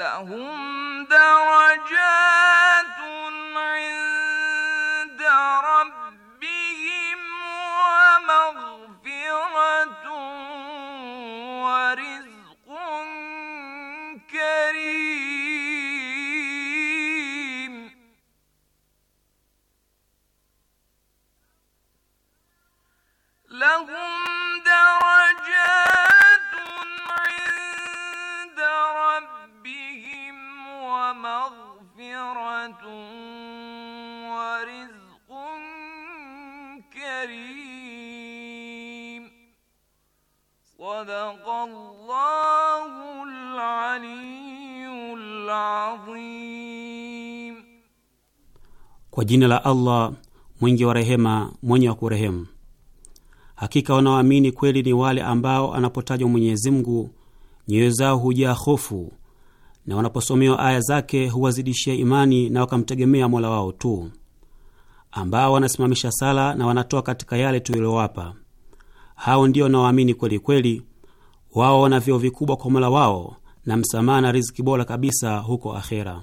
لهم درجات Kwa jina la Allah mwingi wa rehema, mwenye wa kurehemu. Hakika wanaoamini kweli ni wale ambao anapotajwa Mwenyezi Mungu nyoyo zao hujaa hofu na wanaposomewa aya zake huwazidishia imani na wakamtegemea mola wao tu, ambao wanasimamisha sala na wanatoa katika yale tuliyowapa. Hao ndio wanaoamini kweli kweli, wao wana vyeo vikubwa kwa mola wao na msamaha na riziki bora kabisa huko akhera.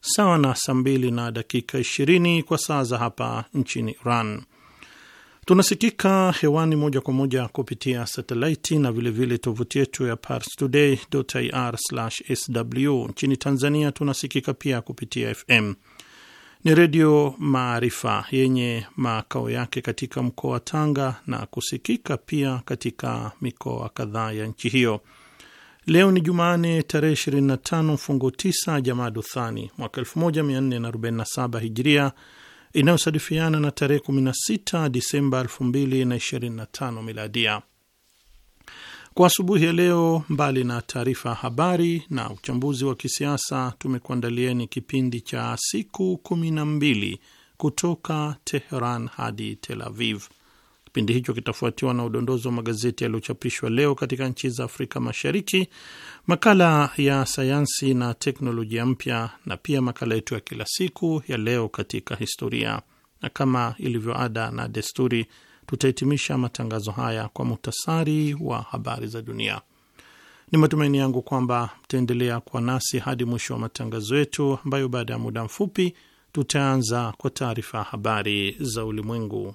sawa na saa mbili na dakika ishirini kwa saa za hapa nchini Iran. Tunasikika hewani moja kwa moja kupitia satelaiti na vilevile tovuti yetu ya parstoday.ir/sw. Nchini Tanzania tunasikika pia kupitia FM ni Redio Maarifa yenye makao yake katika mkoa wa Tanga na kusikika pia katika mikoa kadhaa ya nchi hiyo. Leo ni Jumane tarehe 25 mfungo 9 Jamadu Thani mwaka 1447 Hijria, inayosadifiana na tarehe 16 Disemba 2025 Miladia. Kwa asubuhi ya leo, mbali na taarifa ya habari na uchambuzi wa kisiasa, tumekuandalieni kipindi cha siku 12 kutoka Teheran hadi Tel Aviv. Kipindi hicho kitafuatiwa na udondozi wa magazeti yaliyochapishwa leo katika nchi za Afrika Mashariki, makala ya sayansi na teknolojia mpya, na pia makala yetu ya kila siku ya leo katika historia, na kama ilivyo ada na desturi, tutahitimisha matangazo haya kwa muhtasari wa habari za dunia. Ni matumaini yangu kwamba mtaendelea kuwa nasi hadi mwisho wa matangazo yetu, ambayo baada ya muda mfupi tutaanza kwa taarifa ya habari za ulimwengu.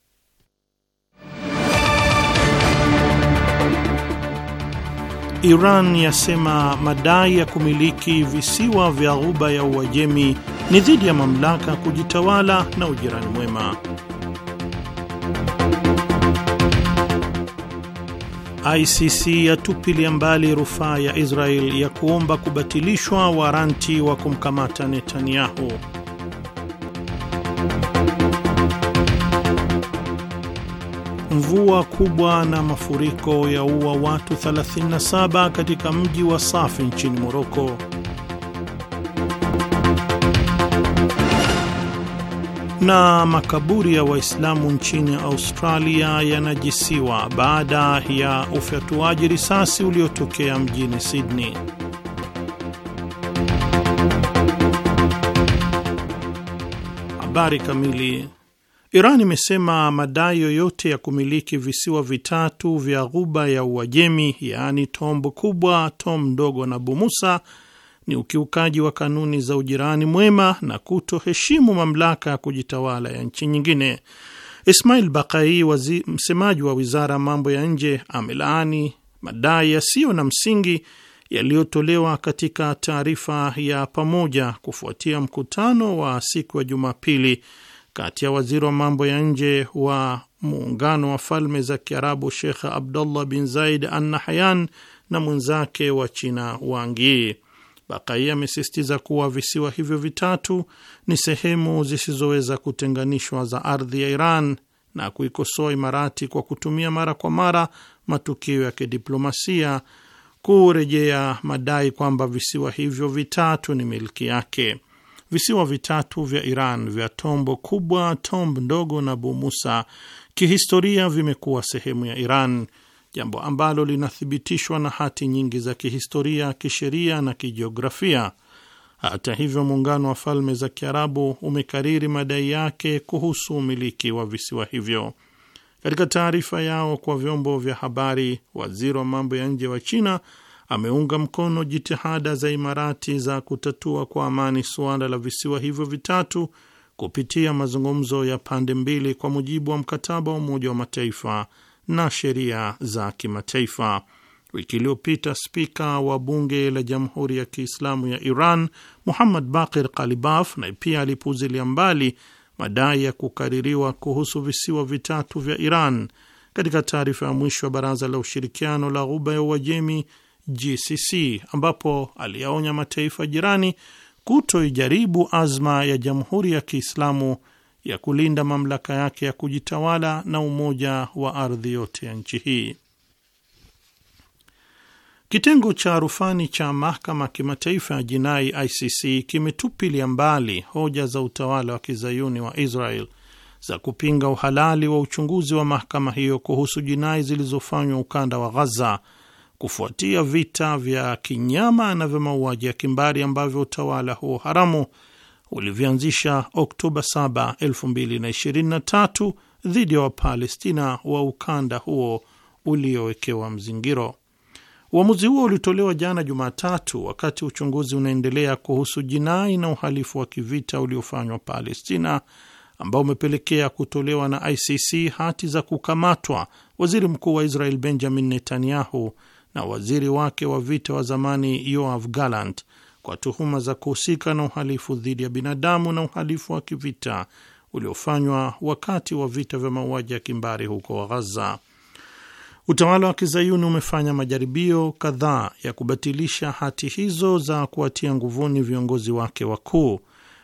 Iran yasema madai ya kumiliki visiwa vya ghuba ya Uajemi ni dhidi ya mamlaka kujitawala na ujirani mwema. ICC yatupilia mbali rufaa ya Israel ya kuomba kubatilishwa waranti wa kumkamata Netanyahu. mvua kubwa na mafuriko ya ua watu 37 katika mji wa Safi nchini Moroko. Na makaburi ya Waislamu nchini Australia yanajisiwa baada ya ufyatuaji risasi uliotokea mjini Sydney. Habari kamili Iran imesema madai yoyote ya kumiliki visiwa vitatu vya ghuba ya Uajemi, yaani Tomb Kubwa, Tomb Ndogo na Bumusa ni ukiukaji wa kanuni za ujirani mwema na kutoheshimu mamlaka ya kujitawala ya nchi nyingine. Ismail Bakai, wazi, msemaji wa wizara ya mambo ya nje, amelaani madai yasiyo na msingi yaliyotolewa katika taarifa ya pamoja kufuatia mkutano wa siku ya Jumapili kati ya waziri wa mambo ya nje wa muungano wa falme za Kiarabu Shekh Abdullah bin Zaid an Nahyan na mwenzake wa China Wang Yi. Bakai amesisitiza kuwa visiwa hivyo vitatu ni sehemu zisizoweza kutenganishwa za ardhi ya Iran na kuikosoa Imarati kwa kutumia mara kwa mara matukio ya kidiplomasia kurejea madai kwamba visiwa hivyo vitatu ni milki yake. Visiwa vitatu vya Iran vya Tombo Kubwa, Tomb Ndogo na Bumusa kihistoria vimekuwa sehemu ya Iran, jambo ambalo linathibitishwa na hati nyingi za kihistoria, kisheria na kijiografia. Hata hivyo, Muungano wa Falme za Kiarabu umekariri madai yake kuhusu umiliki wa visiwa hivyo. Katika taarifa yao kwa vyombo vya habari, waziri wa mambo ya nje wa China ameunga mkono jitihada za Imarati za kutatua kwa amani suala la visiwa hivyo vitatu kupitia mazungumzo ya pande mbili kwa mujibu wa mkataba wa Umoja wa Mataifa na sheria za kimataifa. Wiki iliyopita spika wa bunge la Jamhuri ya Kiislamu ya Iran Muhammad Bakir Kalibaf naye pia alipuuzilia mbali madai ya kukaririwa kuhusu visiwa vitatu vya Iran. Katika taarifa ya mwisho ya Baraza la Ushirikiano la Ghuba ya Uajemi GCC ambapo aliyaonya mataifa jirani kutoijaribu azma ya Jamhuri ya Kiislamu ya kulinda mamlaka yake ya kujitawala na umoja wa ardhi yote ya nchi hii. Kitengo cha rufani cha mahakama kimataifa ya jinai ICC kimetupilia mbali hoja za utawala wa kizayuni wa Israel za kupinga uhalali wa uchunguzi wa mahakama hiyo kuhusu jinai zilizofanywa ukanda wa Ghaza kufuatia vita vya kinyama na vya mauaji ya kimbari ambavyo utawala huo haramu ulivyoanzisha Oktoba 7, 2023 dhidi ya Wapalestina wa ukanda huo uliowekewa mzingiro. Uamuzi huo ulitolewa jana Jumatatu, wakati uchunguzi unaendelea kuhusu jinai na uhalifu wa kivita uliofanywa Palestina, ambao umepelekea kutolewa na ICC hati za kukamatwa waziri mkuu wa Israel Benjamin Netanyahu na waziri wake wa vita wa zamani Yoav Gallant kwa tuhuma za kuhusika na uhalifu dhidi ya binadamu na uhalifu wa kivita uliofanywa wakati wa vita vya mauaji ya kimbari huko Ghaza. Utawala wa kizayuni umefanya majaribio kadhaa ya kubatilisha hati hizo za kuwatia nguvuni viongozi wake wakuu,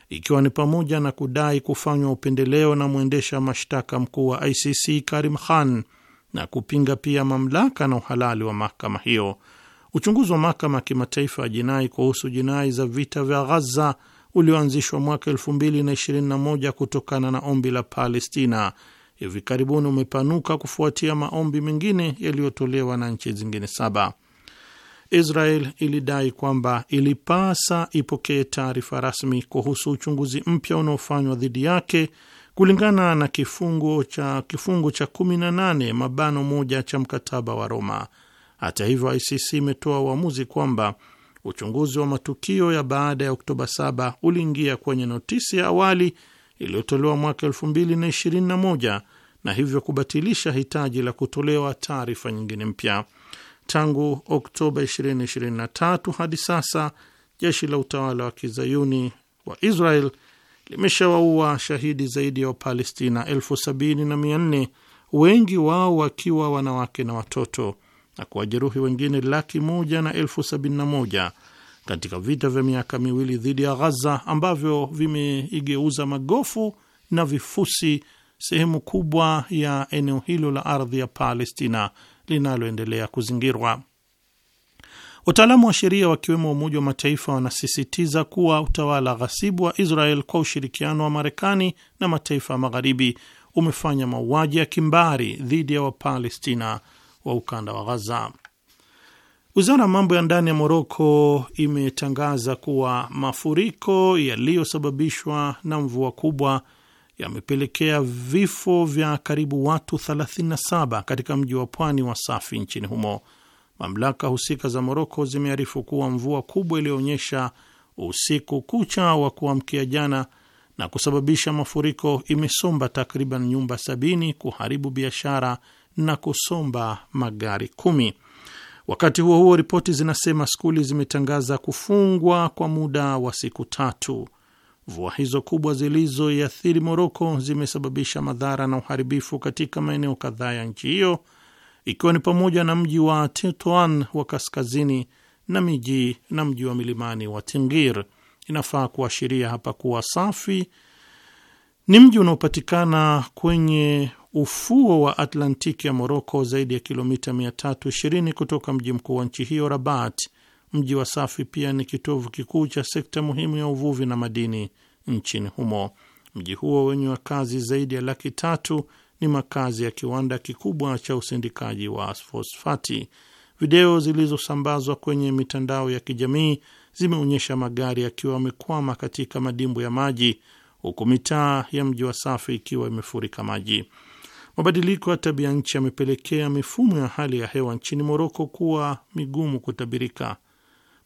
ikiwa ni pamoja na kudai kufanywa upendeleo na mwendesha mashtaka mkuu wa ICC Karim Khan na kupinga pia mamlaka na uhalali wa mahakama hiyo. Uchunguzi wa mahakama ya kimataifa ya jinai kuhusu jinai za vita vya Ghaza ulioanzishwa mwaka 2021 kutokana na ombi la Palestina hivi karibuni umepanuka kufuatia maombi mengine yaliyotolewa na nchi zingine saba. Israel ilidai kwamba ilipasa ipokee taarifa rasmi kuhusu uchunguzi mpya unaofanywa dhidi yake kulingana na kifungu cha kifungu cha 18 mabano moja cha mkataba wa Roma. Hata hivyo, ICC imetoa uamuzi kwamba uchunguzi wa matukio ya baada ya Oktoba 7 uliingia kwenye notisi ya awali iliyotolewa mwaka 2021 na hivyo kubatilisha hitaji la kutolewa taarifa nyingine mpya. Tangu Oktoba 2023 hadi sasa jeshi la utawala wa kizayuni wa Israel limeshawaua shahidi zaidi ya Wapalestina elfu sabini na mia nne wengi wao wakiwa wanawake na watoto na kuwajeruhi wengine laki moja na elfu sabini na moja katika vita vya miaka miwili dhidi ya Ghaza ambavyo vimeigeuza magofu na vifusi sehemu kubwa ya eneo hilo la ardhi ya Palestina linaloendelea kuzingirwa. Wataalamu wa sheria wakiwemo Umoja wa Mataifa wanasisitiza kuwa utawala ghasibu wa Israel kwa ushirikiano wa Marekani na mataifa ya Magharibi umefanya mauaji ya kimbari dhidi ya Wapalestina wa ukanda wa Ghaza. Wizara ya mambo ya ndani ya Moroko imetangaza kuwa mafuriko yaliyosababishwa na mvua kubwa yamepelekea vifo vya karibu watu 37 katika mji wa pwani wa Safi nchini humo. Mamlaka husika za Moroko zimearifu kuwa mvua kubwa iliyoonyesha usiku kucha wa kuamkia jana na kusababisha mafuriko imesomba takriban nyumba sabini, kuharibu biashara na kusomba magari kumi. Wakati huo huo, ripoti zinasema skuli zimetangaza kufungwa kwa muda wa siku tatu. Mvua hizo kubwa zilizoiathiri Moroko zimesababisha madhara na uharibifu katika maeneo kadhaa ya nchi hiyo ikiwa ni pamoja na mji wa Tetuan wa kaskazini na miji na mji wa milimani wa Tingir. Inafaa kuashiria hapa kuwa Safi ni mji unaopatikana kwenye ufuo wa Atlantiki ya Moroko, zaidi ya kilomita 320 kutoka mji mkuu wa nchi hiyo Rabat. Mji wa Safi pia ni kitovu kikuu cha sekta muhimu ya uvuvi na madini nchini humo. Mji huo wenye wakazi zaidi ya laki tatu ni makazi ya kiwanda kikubwa cha usindikaji wa fosfati. Video zilizosambazwa kwenye mitandao ya kijamii zimeonyesha magari yakiwa yamekwama katika madimbu ya maji huku mitaa ya mji wa Safi ikiwa imefurika maji. Mabadiliko ya tabia nchi yamepelekea mifumo ya hali ya hewa nchini Moroko kuwa migumu kutabirika.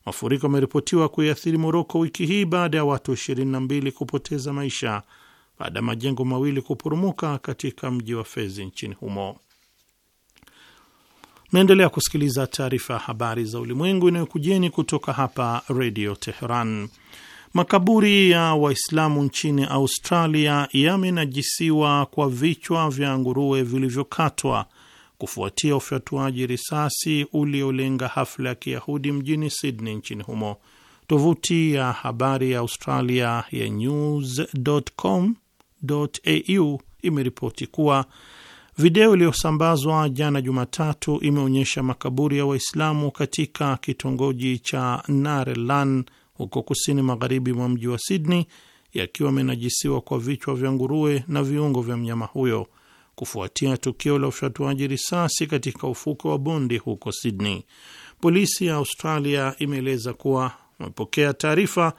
Mafuriko yameripotiwa kuiathiri Moroko wiki hii baada ya watu 22 kupoteza maisha baada ya majengo mawili kupurumuka katika mji wa Fezi nchini humo. Naendelea kusikiliza taarifa ya habari za ulimwengu inayokujeni kutoka hapa Redio Teheran. Makaburi ya Waislamu nchini Australia yamenajisiwa kwa vichwa vya nguruwe vilivyokatwa kufuatia ufyatuaji risasi uliolenga hafla ya Kiyahudi mjini Sydney nchini humo. Tovuti ya habari ya Australia ya news.com au imeripoti kuwa video iliyosambazwa jana Jumatatu imeonyesha makaburi ya Waislamu katika kitongoji cha Narelan huko kusini magharibi mwa mji wa Sydney yakiwa amenajisiwa kwa vichwa vya nguruwe na viungo vya mnyama huyo kufuatia tukio la ufyatuaji risasi katika ufuko wa Bondi huko Sydney. Polisi ya Australia imeeleza kuwa wamepokea taarifa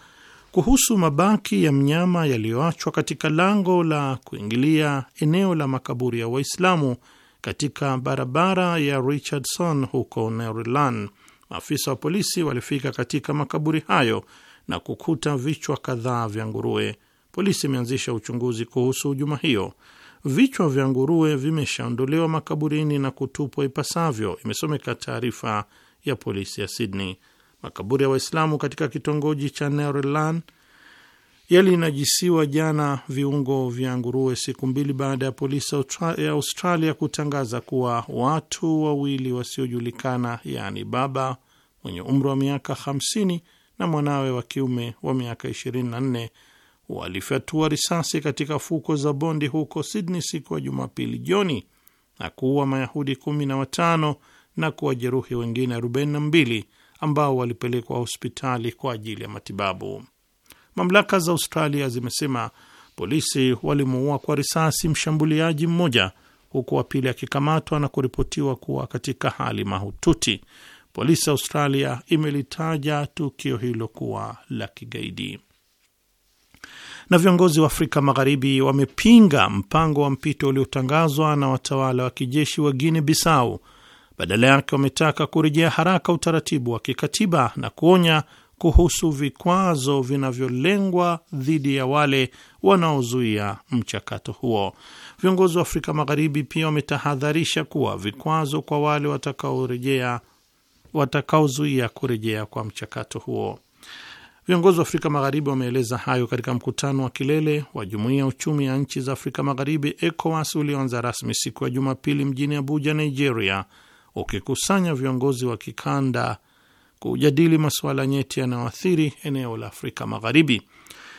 kuhusu mabaki ya mnyama yaliyoachwa katika lango la kuingilia eneo la makaburi ya Waislamu katika barabara ya Richardson huko Maryland. Maafisa wa polisi walifika katika makaburi hayo na kukuta vichwa kadhaa vya nguruwe. Polisi imeanzisha uchunguzi kuhusu hujuma hiyo. Vichwa vya nguruwe vimeshaondolewa makaburini na kutupwa ipasavyo, imesomeka taarifa ya polisi ya Sydney. Makaburi ya Waislamu katika kitongoji cha Nerelan yalinajisiwa jana viungo vya nguruwe, siku mbili baada ya polisi ya Australia kutangaza kuwa watu wawili wasiojulikana, yaani baba mwenye umri wa miaka 50 na mwanawe wa kiume wa miaka 24 walifyatua risasi katika fuko za bondi huko Sydney siku ya Jumapili jioni na kuua Mayahudi 15 na kuwajeruhi wengine 42 ambao walipelekwa hospitali kwa ajili ya matibabu. Mamlaka za Australia zimesema polisi walimuua kwa risasi mshambuliaji mmoja, huku wa pili akikamatwa na kuripotiwa kuwa katika hali mahututi. Polisi Australia imelitaja tukio hilo kuwa la kigaidi. Na viongozi wa Afrika Magharibi wamepinga mpango wa mpito uliotangazwa na watawala wa kijeshi wa Guinea Bissau badala yake wametaka kurejea haraka utaratibu wa kikatiba na kuonya kuhusu vikwazo vinavyolengwa dhidi ya wale wanaozuia mchakato huo. Viongozi wa Afrika Magharibi pia wametahadharisha kuwa vikwazo kwa wale watakaorejea watakaozuia kurejea kwa mchakato huo. Viongozi wa Afrika Magharibi wameeleza hayo katika mkutano wa kilele wa Jumuiya ya Uchumi ya Nchi za Afrika Magharibi, ECOWAS, ulioanza rasmi siku ya Jumapili mjini Abuja, Nigeria, ukikusanya viongozi wa kikanda kujadili masuala nyeti yanayoathiri eneo la Afrika Magharibi.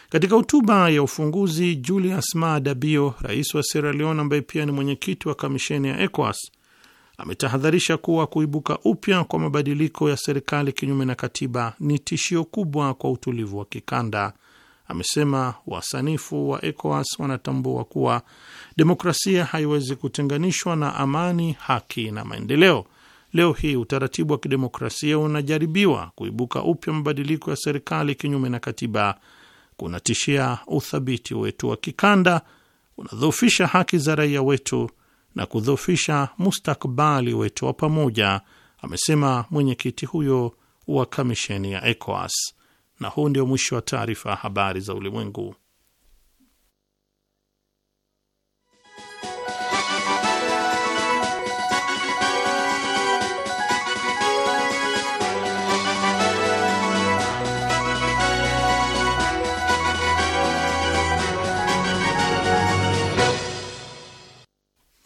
Katika hotuba ya ufunguzi, Julius Maada Bio, rais wa Sierra Leone ambaye pia ni mwenyekiti wa kamisheni ya ECOWAS, ametahadharisha kuwa kuibuka upya kwa mabadiliko ya serikali kinyume na katiba ni tishio kubwa kwa utulivu wa kikanda amesema wasanifu wa ECOWAS wanatambua kuwa demokrasia haiwezi kutenganishwa na amani, haki na maendeleo. Leo hii utaratibu wa kidemokrasia unajaribiwa kuibuka upya. Mabadiliko ya serikali kinyume na katiba kunatishia uthabiti wetu wa kikanda, unadhoofisha haki za raia wetu na kudhoofisha mustakbali wetu wa pamoja, amesema mwenyekiti huyo wa kamisheni ya ECOWAS na huu ndio mwisho wa taarifa ya habari za ulimwengu.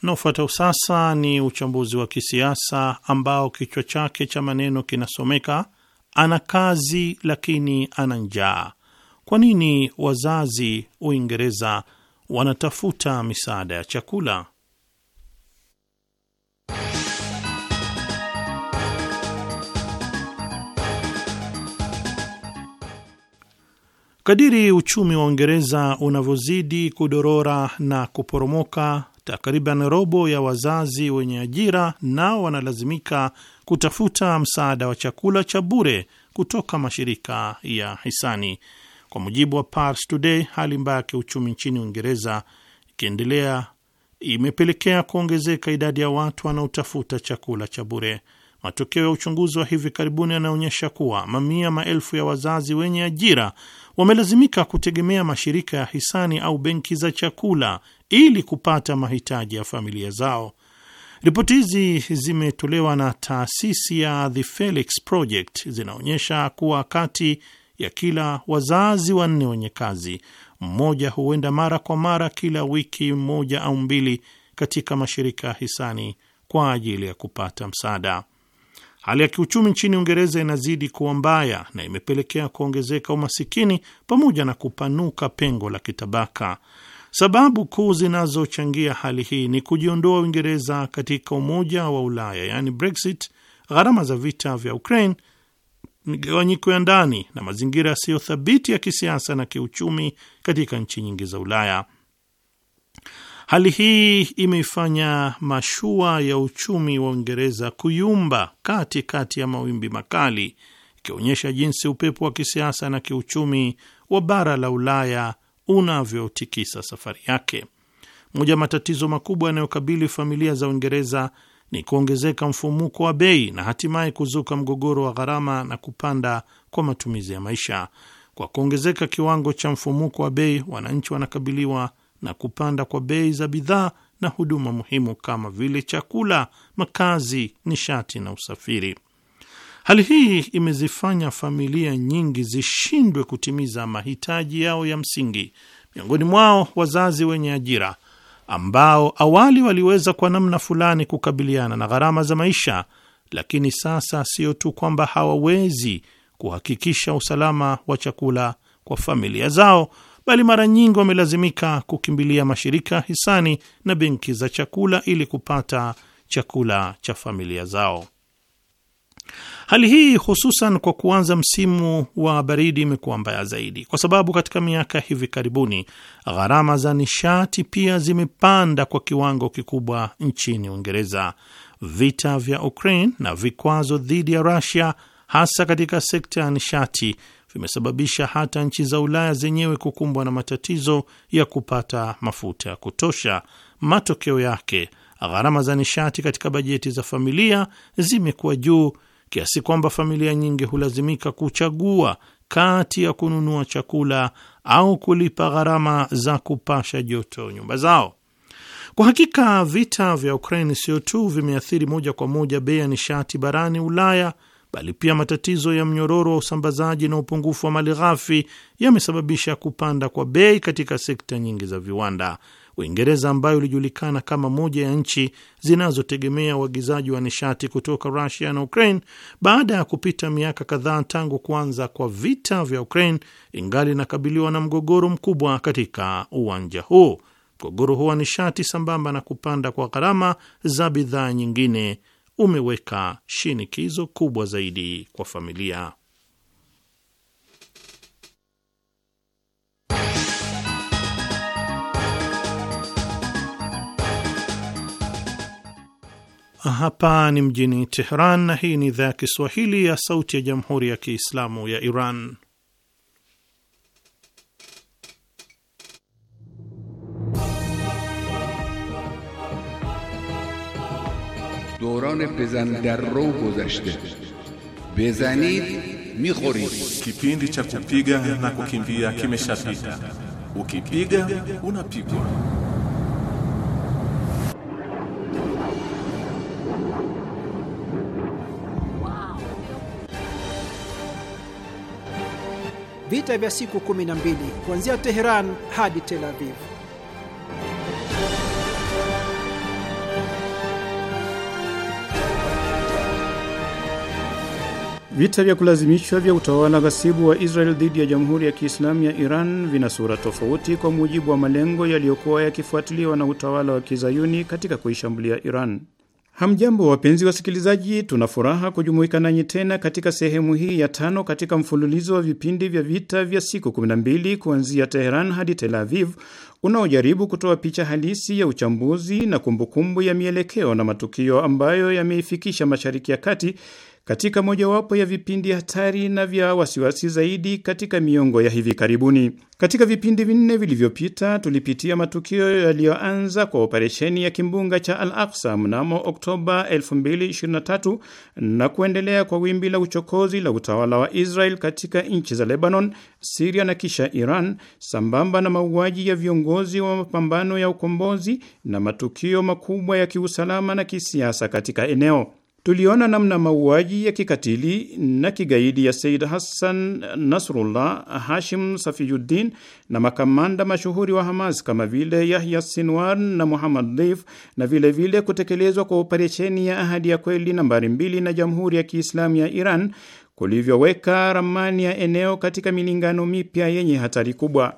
Unaofuata sasa ni uchambuzi wa kisiasa ambao kichwa chake cha maneno kinasomeka ana kazi lakini ana njaa. Kwa nini wazazi Uingereza wanatafuta misaada ya chakula? Kadiri uchumi wa Uingereza unavyozidi kudorora na kuporomoka, takriban robo ya wazazi wenye ajira nao wanalazimika kutafuta msaada wa chakula cha bure kutoka mashirika ya hisani. Kwa mujibu wa Pars Today, hali mbaya ya kiuchumi nchini Uingereza ikiendelea imepelekea kuongezeka idadi ya watu wanaotafuta chakula cha bure. Matokeo ya uchunguzi wa hivi karibuni yanaonyesha kuwa mamia maelfu ya wazazi wenye ajira wamelazimika kutegemea mashirika ya hisani au benki za chakula ili kupata mahitaji ya familia zao. Ripoti hizi zimetolewa na taasisi ya The Felix Project, zinaonyesha kuwa kati ya kila wazazi wanne wenye kazi, mmoja huenda mara kwa mara kila wiki moja au mbili katika mashirika ya hisani kwa ajili ya kupata msaada. Hali ya kiuchumi nchini Uingereza inazidi kuwa mbaya na imepelekea kuongezeka umasikini pamoja na kupanuka pengo la kitabaka Sababu kuu zinazochangia hali hii ni kujiondoa Uingereza katika Umoja wa Ulaya, yaani Brexit, gharama za vita vya Ukraine, migawanyiko ya ndani na mazingira yasiyo thabiti ya kisiasa na kiuchumi katika nchi nyingi za Ulaya. Hali hii imeifanya mashua ya uchumi wa Uingereza kuyumba kati kati ya mawimbi makali, ikionyesha jinsi upepo wa kisiasa na kiuchumi wa bara la Ulaya unavyotikisa safari yake. Moja ya matatizo makubwa yanayokabili familia za Uingereza ni kuongezeka mfumuko wa bei na hatimaye kuzuka mgogoro wa gharama na kupanda kwa matumizi ya maisha. Kwa kuongezeka kiwango cha mfumuko wa bei, wananchi wanakabiliwa na kupanda kwa bei za bidhaa na huduma muhimu kama vile chakula, makazi, nishati na usafiri. Hali hii imezifanya familia nyingi zishindwe kutimiza mahitaji yao ya msingi, miongoni mwao wazazi wenye ajira ambao awali waliweza kwa namna fulani kukabiliana na gharama za maisha, lakini sasa sio tu kwamba hawawezi kuhakikisha usalama wa chakula kwa familia zao, bali mara nyingi wamelazimika kukimbilia mashirika hisani na benki za chakula ili kupata chakula cha familia zao. Hali hii hususan kwa kuanza msimu wa baridi imekuwa mbaya zaidi, kwa sababu katika miaka hivi karibuni gharama za nishati pia zimepanda kwa kiwango kikubwa nchini Uingereza. Vita vya Ukraine na vikwazo dhidi ya Rusia, hasa katika sekta ya nishati, vimesababisha hata nchi za Ulaya zenyewe kukumbwa na matatizo ya kupata mafuta ya kutosha. Matokeo yake, gharama za nishati katika bajeti za familia zimekuwa juu kiasi kwamba familia nyingi hulazimika kuchagua kati ya kununua chakula au kulipa gharama za kupasha joto nyumba zao. Kwa hakika vita vya Ukraine sio tu vimeathiri moja kwa moja bei ya nishati barani Ulaya, bali pia matatizo ya mnyororo wa usambazaji na upungufu wa mali ghafi yamesababisha kupanda kwa bei katika sekta nyingi za viwanda. Uingereza ambayo ilijulikana kama moja ya nchi zinazotegemea uagizaji wa nishati kutoka Rusia na Ukraine, baada ya kupita miaka kadhaa tangu kuanza kwa vita vya Ukraine, ingali inakabiliwa na mgogoro mkubwa katika uwanja huu. Mgogoro huu wa nishati, sambamba na kupanda kwa gharama za bidhaa nyingine, umeweka shinikizo kubwa zaidi kwa familia. Hapa ni mjini Teheran na hii ni idhaa ya Kiswahili ya Sauti ya Jamhuri ya Kiislamu ya Iran. Dorane pezan darro gozashte bezanid mikhorib, kipindi cha kupiga na kukimbia kimeshapita, ukipiga unapigwa. vita vya siku 12 kuanzia Teheran hadi Tel Aviv. Vita vya kulazimishwa vya utawala ghasibu wa Israel dhidi ya Jamhuri ya Kiislamu ya Iran vina sura tofauti kwa mujibu wa malengo yaliyokuwa yakifuatiliwa na utawala wa Kizayuni katika kuishambulia Iran. Hamjambo, wapenzi wasikilizaji, tuna furaha kujumuika nanyi tena katika sehemu hii ya tano katika mfululizo wa vipindi vya vita vya siku 12 kuanzia Teheran hadi Tel Aviv unaojaribu kutoa picha halisi ya uchambuzi na kumbukumbu ya mielekeo na matukio ambayo yameifikisha Mashariki ya Kati katika mojawapo ya vipindi hatari na vya wasiwasi zaidi katika miongo ya hivi karibuni. Katika vipindi vinne vilivyopita, tulipitia matukio yaliyoanza kwa operesheni ya kimbunga cha Al-Aqsa mnamo Oktoba 2023 na kuendelea kwa wimbi la uchokozi la utawala wa Israel katika nchi za Lebanon, siria na kisha Iran, sambamba na mauaji ya viongozi wa mapambano ya ukombozi na matukio makubwa ya kiusalama na kisiasa katika eneo. Tuliona namna mauaji ya kikatili na kigaidi ya Said Hassan Nasrullah, Hashim Safiyuddin na makamanda mashuhuri wa Hamas kama vile Yahya Sinwar na Muhammad Dif, na vilevile vile kutekelezwa kwa operesheni ya Ahadi ya Kweli nambari mbili na Jamhuri ya Kiislamu ya Iran kulivyoweka ramani ya eneo katika milingano mipya yenye hatari kubwa.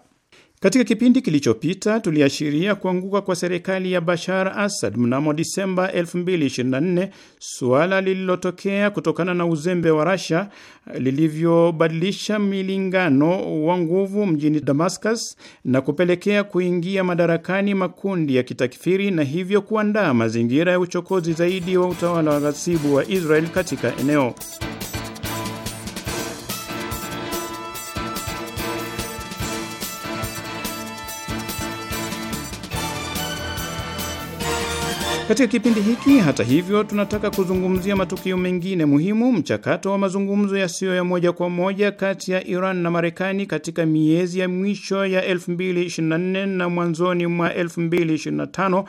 Katika kipindi kilichopita tuliashiria kuanguka kwa serikali ya Bashar Assad mnamo Disemba 2024, suala lililotokea kutokana na uzembe wa Russia lilivyobadilisha milingano wa nguvu mjini Damascus na kupelekea kuingia madarakani makundi ya kitakfiri na hivyo kuandaa mazingira ya uchokozi zaidi wa utawala wa ghasibu wa Israel katika eneo. Katika kipindi hiki, hata hivyo, tunataka kuzungumzia matukio mengine muhimu: mchakato wa mazungumzo yasiyo ya moja kwa moja kati ya Iran na Marekani katika miezi ya mwisho ya 2024 na mwanzoni mwa 2025,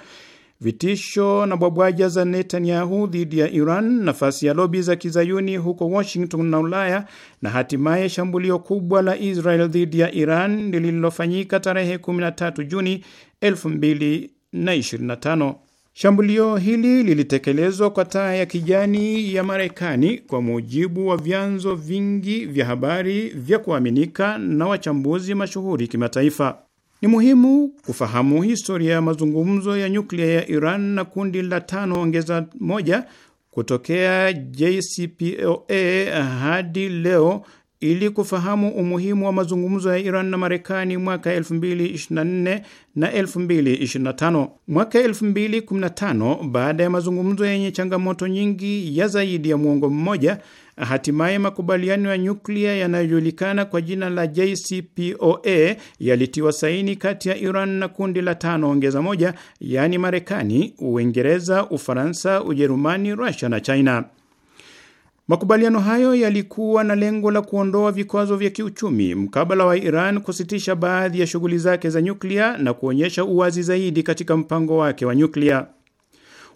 vitisho na bwabwaja za Netanyahu dhidi ya Iran, nafasi ya lobi za kizayuni huko Washington na Ulaya, na hatimaye shambulio kubwa la Israel dhidi ya Iran lililofanyika tarehe 13 Juni 2025. Shambulio hili lilitekelezwa kwa taa ya kijani ya Marekani, kwa mujibu wa vyanzo vingi vya habari vya kuaminika na wachambuzi mashuhuri kimataifa. Ni muhimu kufahamu historia ya mazungumzo ya nyuklia ya Iran na kundi la tano ongeza moja kutokea JCPOA hadi leo ili kufahamu umuhimu wa mazungumzo ya Iran na Marekani mwaka 2024 na 2025. Mwaka 2015, baada ya mazungumzo yenye changamoto nyingi ya zaidi ya mwongo mmoja, hatimaye makubaliano ya nyuklia yanayojulikana kwa jina la JCPOA yalitiwa saini kati ya Iran na kundi la tano ongeza moja, yaani Marekani, Uingereza, Ufaransa, Ujerumani, Rusia na China. Makubaliano hayo yalikuwa na lengo la kuondoa vikwazo vya kiuchumi mkabala wa Iran kusitisha baadhi ya shughuli zake za nyuklia na kuonyesha uwazi zaidi katika mpango wake wa nyuklia.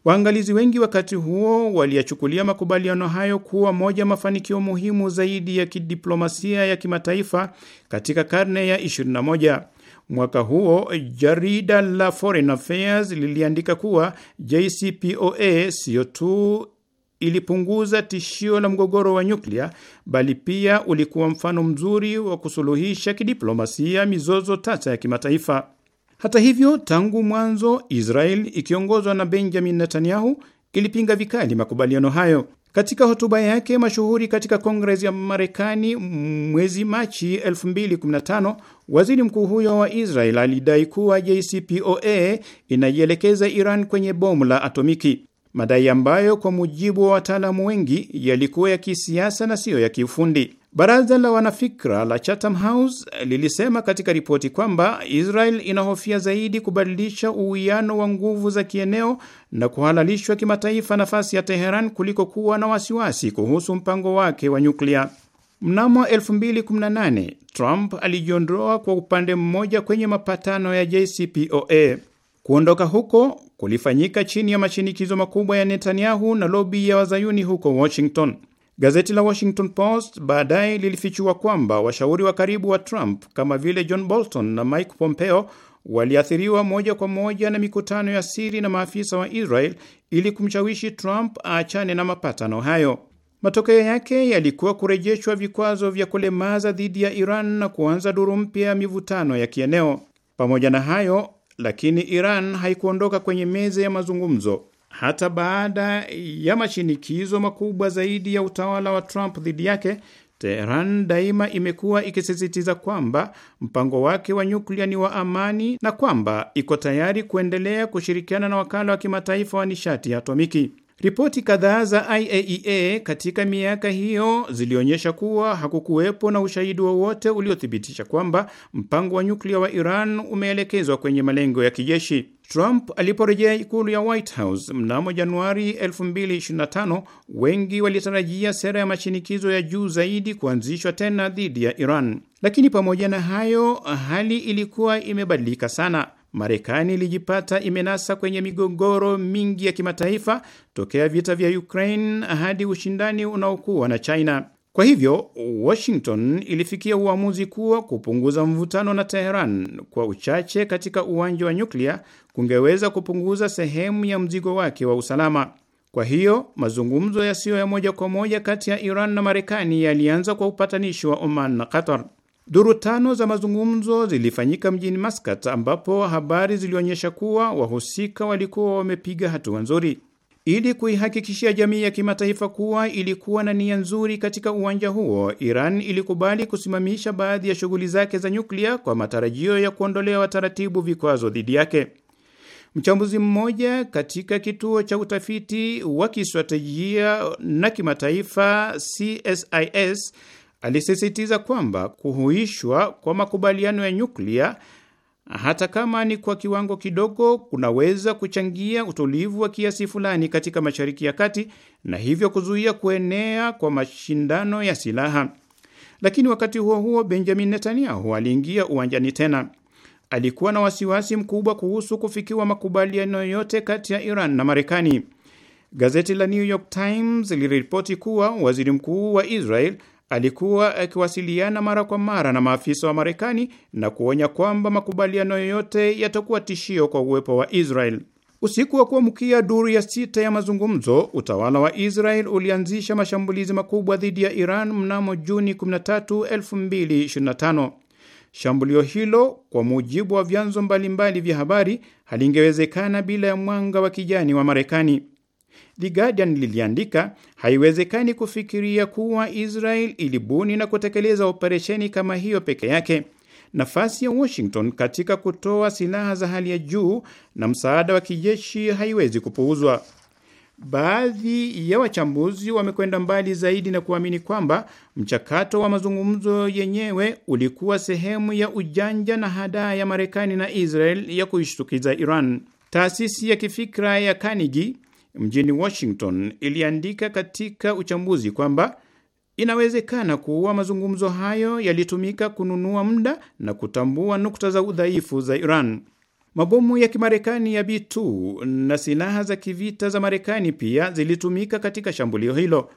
Waangalizi wengi wakati huo waliyachukulia makubaliano hayo kuwa moja mafanikio muhimu zaidi ya kidiplomasia ya kimataifa katika karne ya 21. Mwaka huo jarida la Foreign Affairs liliandika kuwa JCPOA sio tu ilipunguza tishio la mgogoro wa nyuklia, bali pia ulikuwa mfano mzuri wa kusuluhisha kidiplomasia mizozo tata ya kimataifa. Hata hivyo, tangu mwanzo Israel ikiongozwa na Benjamin Netanyahu ilipinga vikali makubaliano hayo. Katika hotuba yake mashuhuri katika Kongres ya Marekani mwezi Machi 2015, waziri mkuu huyo wa Israel alidai kuwa JCPOA inaielekeza Iran kwenye bomu la atomiki madai ambayo kwa mujibu wa wataalamu wengi yalikuwa ya kisiasa na siyo ya kiufundi. Baraza la wanafikra la Chatham House lilisema katika ripoti kwamba Israel inahofia zaidi kubadilisha uwiano wa nguvu za kieneo na kuhalalishwa kimataifa nafasi ya Teheran kuliko kuwa na wasiwasi kuhusu mpango wake wa nyuklia. Mnamo 2018 Trump alijiondoa kwa upande mmoja kwenye mapatano ya JCPOA. Kuondoka huko kulifanyika chini ya mashinikizo makubwa ya Netanyahu na lobi ya wazayuni huko Washington. Gazeti la Washington Post baadaye lilifichua kwamba washauri wa karibu wa Trump kama vile John Bolton na Mike Pompeo waliathiriwa moja kwa moja na mikutano ya siri na maafisa wa Israel ili kumshawishi Trump aachane na mapatano hayo. Matokeo yake yalikuwa kurejeshwa vikwazo vya kulemaza dhidi ya Iran na kuanza duru mpya ya mivutano ya kieneo. Pamoja na hayo, lakini Iran haikuondoka kwenye meza ya mazungumzo hata baada ya mashinikizo makubwa zaidi ya utawala wa Trump dhidi yake. Teheran daima imekuwa ikisisitiza kwamba mpango wake wa nyuklia ni wa amani na kwamba iko tayari kuendelea kushirikiana na wakala wa kimataifa wa nishati ya atomiki. Ripoti kadhaa za IAEA e katika miaka hiyo zilionyesha kuwa hakukuwepo na ushahidi wowote uliothibitisha kwamba mpango wa nyuklia wa Iran umeelekezwa kwenye malengo ya kijeshi. Trump aliporejea ikulu ya White House mnamo Januari 2025, wengi walitarajia sera ya mashinikizo ya juu zaidi kuanzishwa tena dhidi ya Iran, lakini pamoja na hayo, hali ilikuwa imebadilika sana. Marekani ilijipata imenasa kwenye migogoro mingi ya kimataifa tokea vita vya Ukraine hadi ushindani unaokuwa na China. Kwa hivyo Washington ilifikia uamuzi kuwa kupunguza mvutano na Teheran kwa uchache katika uwanja wa nyuklia kungeweza kupunguza sehemu ya mzigo wake wa usalama. Kwa hiyo mazungumzo yasiyo ya moja kwa moja kati ya Iran na Marekani yalianza kwa upatanishi wa Oman na Qatar. Duru tano za mazungumzo zilifanyika mjini Maskat, ambapo habari zilionyesha kuwa wahusika walikuwa wamepiga hatua nzuri ili kuihakikishia jamii ya kimataifa kuwa ilikuwa na nia nzuri katika uwanja huo, Iran ilikubali kusimamisha baadhi ya shughuli zake za nyuklia kwa matarajio ya kuondolewa taratibu vikwazo dhidi yake. Mchambuzi mmoja katika kituo cha utafiti wa kistratejia na kimataifa CSIS alisisitiza kwamba kuhuishwa kwa makubaliano ya nyuklia hata kama ni kwa kiwango kidogo kunaweza kuchangia utulivu wa kiasi fulani katika Mashariki ya Kati na hivyo kuzuia kuenea kwa mashindano ya silaha. Lakini wakati huo huo, Benjamin Netanyahu aliingia uwanjani tena. Alikuwa na wasiwasi mkubwa kuhusu kufikiwa makubaliano yote kati ya Iran na Marekani. Gazeti la New York Times liliripoti kuwa waziri mkuu wa Israel alikuwa akiwasiliana mara kwa mara na maafisa wa Marekani na kuonya kwamba makubaliano yoyote yatakuwa tishio kwa uwepo wa Israel. Usiku wa kuamkia duru ya sita ya mazungumzo, utawala wa Israel ulianzisha mashambulizi makubwa dhidi ya Iran mnamo Juni 13, 2025. Shambulio hilo, kwa mujibu wa vyanzo mbalimbali vya habari, halingewezekana bila ya mwanga wa kijani wa Marekani. The Guardian liliandika, haiwezekani kufikiria kuwa Israel ilibuni na kutekeleza operesheni kama hiyo peke yake. Nafasi ya Washington katika kutoa silaha za hali ya juu na msaada wa kijeshi haiwezi kupuuzwa. Baadhi ya wachambuzi wamekwenda mbali zaidi na kuamini kwamba mchakato wa mazungumzo yenyewe ulikuwa sehemu ya ujanja na hadaa ya Marekani na Israel ya kuishtukiza Iran. Taasisi ya kifikra ya Carnegie mjini Washington iliandika katika uchambuzi kwamba inawezekana kuwa mazungumzo hayo yalitumika kununua muda na kutambua nukta za udhaifu za Iran. Mabomu ya Kimarekani ya B2 na silaha za kivita za Marekani pia zilitumika katika shambulio hilo.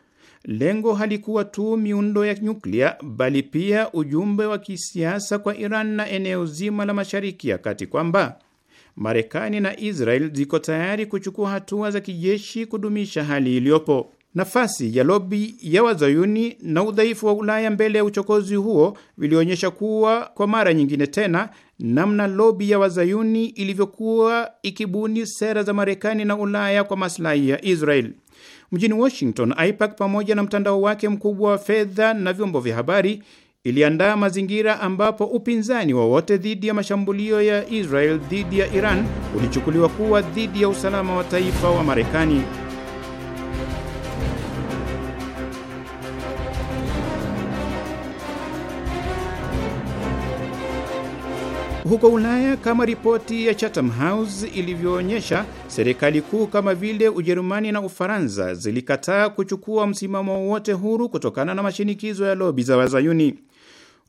Lengo halikuwa tu miundo ya nyuklia bali pia ujumbe wa kisiasa kwa Iran na eneo zima la Mashariki ya Kati kwamba Marekani na Israel ziko tayari kuchukua hatua za kijeshi kudumisha hali iliyopo. Nafasi ya lobi ya wazayuni na udhaifu wa Ulaya mbele ya uchokozi huo vilionyesha kuwa kwa mara nyingine tena namna lobi ya wazayuni ilivyokuwa ikibuni sera za Marekani na Ulaya kwa maslahi ya Israel. Mjini Washington, AIPAC pamoja na mtandao wake mkubwa wa fedha na vyombo vya habari iliandaa mazingira ambapo upinzani wowote dhidi ya mashambulio ya Israel dhidi ya Iran ulichukuliwa kuwa dhidi ya usalama wa taifa wa Marekani. Huko Ulaya, kama ripoti ya Chatham House ilivyoonyesha, serikali kuu kama vile Ujerumani na Ufaransa zilikataa kuchukua msimamo wowote huru kutokana na mashinikizo ya lobi za Wazayuni.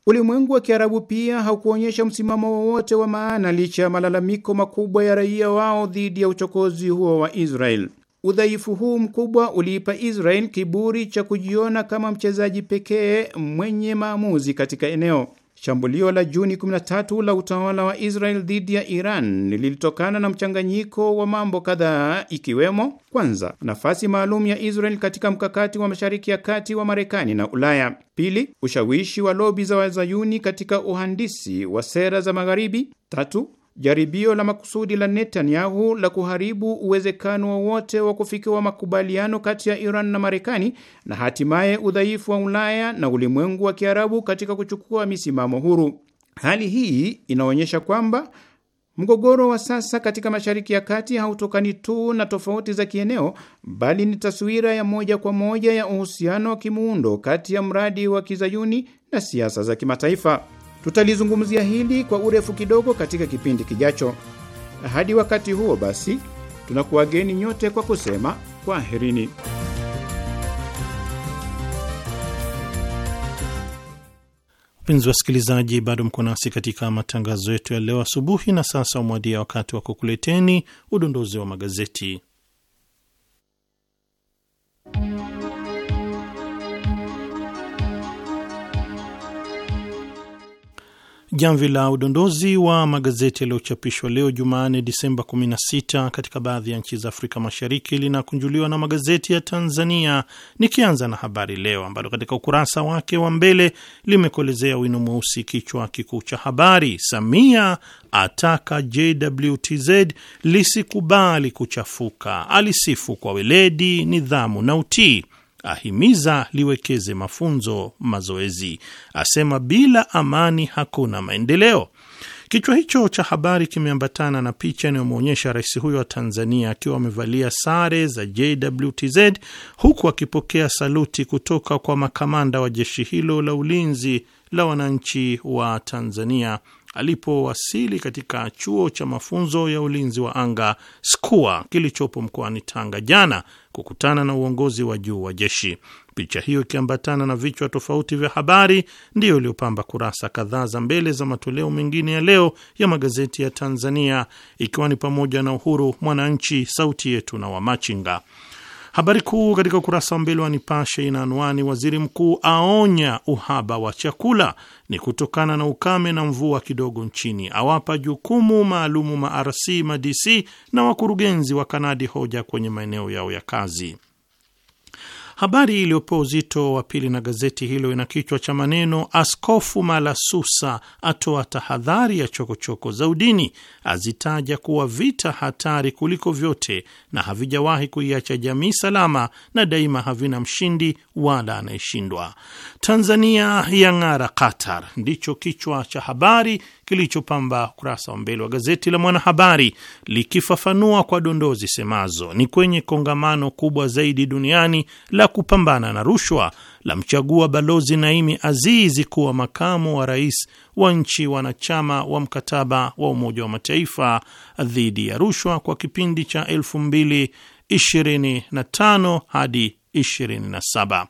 Ulimwengu wa Kiarabu pia haukuonyesha msimamo wowote wa maana licha ya malalamiko makubwa ya raia wao dhidi ya uchokozi huo wa Israel. Udhaifu huu mkubwa uliipa Israel kiburi cha kujiona kama mchezaji pekee mwenye maamuzi katika eneo. Shambulio la Juni 13 la utawala wa Israel dhidi ya Iran lilitokana na mchanganyiko wa mambo kadhaa, ikiwemo kwanza, nafasi maalum ya Israel katika mkakati wa Mashariki ya Kati wa Marekani na Ulaya; pili, ushawishi wa lobi za Wazayuni katika uhandisi wa sera za Magharibi; tatu, Jaribio la makusudi la Netanyahu la kuharibu uwezekano wowote wa, wa kufikiwa makubaliano kati ya Iran na Marekani na hatimaye udhaifu wa Ulaya na ulimwengu wa Kiarabu katika kuchukua misimamo huru. Hali hii inaonyesha kwamba mgogoro wa sasa katika Mashariki ya Kati hautokani tu na tofauti za kieneo, bali ni taswira ya moja kwa moja ya uhusiano wa kimuundo kati ya mradi wa Kizayuni na siasa za kimataifa. Tutalizungumzia hili kwa urefu kidogo katika kipindi kijacho. Hadi wakati huo basi, tunakuwageni nyote kwa kusema kwaherini. Wapenzi wasikilizaji, bado mko nasi katika matangazo yetu ya leo asubuhi, na sasa umwadia wakati wa kukuleteni udondozi wa magazeti. Jamvi la udondozi wa magazeti yaliyochapishwa leo Jumanne, Disemba 16 katika baadhi ya nchi za Afrika Mashariki linakunjuliwa na magazeti ya Tanzania, nikianza na Habari Leo ambalo katika ukurasa wake wa mbele limekolezea wino mweusi kichwa kikuu cha habari, Samia ataka JWTZ lisikubali kuchafuka, alisifu kwa weledi, nidhamu na utii ahimiza liwekeze mafunzo, mazoezi, asema bila amani hakuna maendeleo. Kichwa hicho cha habari kimeambatana na picha inayomwonyesha rais huyo wa Tanzania akiwa amevalia sare za JWTZ huku akipokea saluti kutoka kwa makamanda wa jeshi hilo la ulinzi la wananchi wa Tanzania alipowasili katika chuo cha mafunzo ya ulinzi wa anga skua kilichopo mkoani Tanga jana kukutana na uongozi wa juu wa jeshi. Picha hiyo ikiambatana na vichwa tofauti vya habari ndiyo iliyopamba kurasa kadhaa za mbele za matoleo mengine ya leo ya magazeti ya Tanzania, ikiwa ni pamoja na Uhuru, Mwananchi, Sauti Yetu na Wamachinga. Habari kuu katika ukurasa wa mbele wa Nipashe ina anwani, waziri mkuu aonya uhaba wa chakula ni kutokana na ukame na mvua kidogo nchini, awapa jukumu maalumu ma RC, ma DC na wakurugenzi wa kanadi hoja kwenye maeneo yao ya kazi. Habari iliyopewa uzito wa pili na gazeti hilo ina kichwa cha maneno Askofu Malasusa atoa tahadhari ya chokochoko za udini, azitaja kuwa vita hatari kuliko vyote na havijawahi kuiacha jamii salama na daima havina mshindi wala anayeshindwa. Tanzania ya ng'ara Qatar, ndicho kichwa cha habari kilichopamba ukurasa wa mbele wa gazeti la Mwanahabari likifafanua kwa dondoo zisemazo ni kwenye kongamano kubwa zaidi duniani la kupambana na rushwa la mchagua Balozi Naimi Azizi kuwa makamu wa rais wa nchi wanachama wa mkataba wa Umoja wa Mataifa dhidi ya rushwa kwa kipindi cha 2025 hadi 27.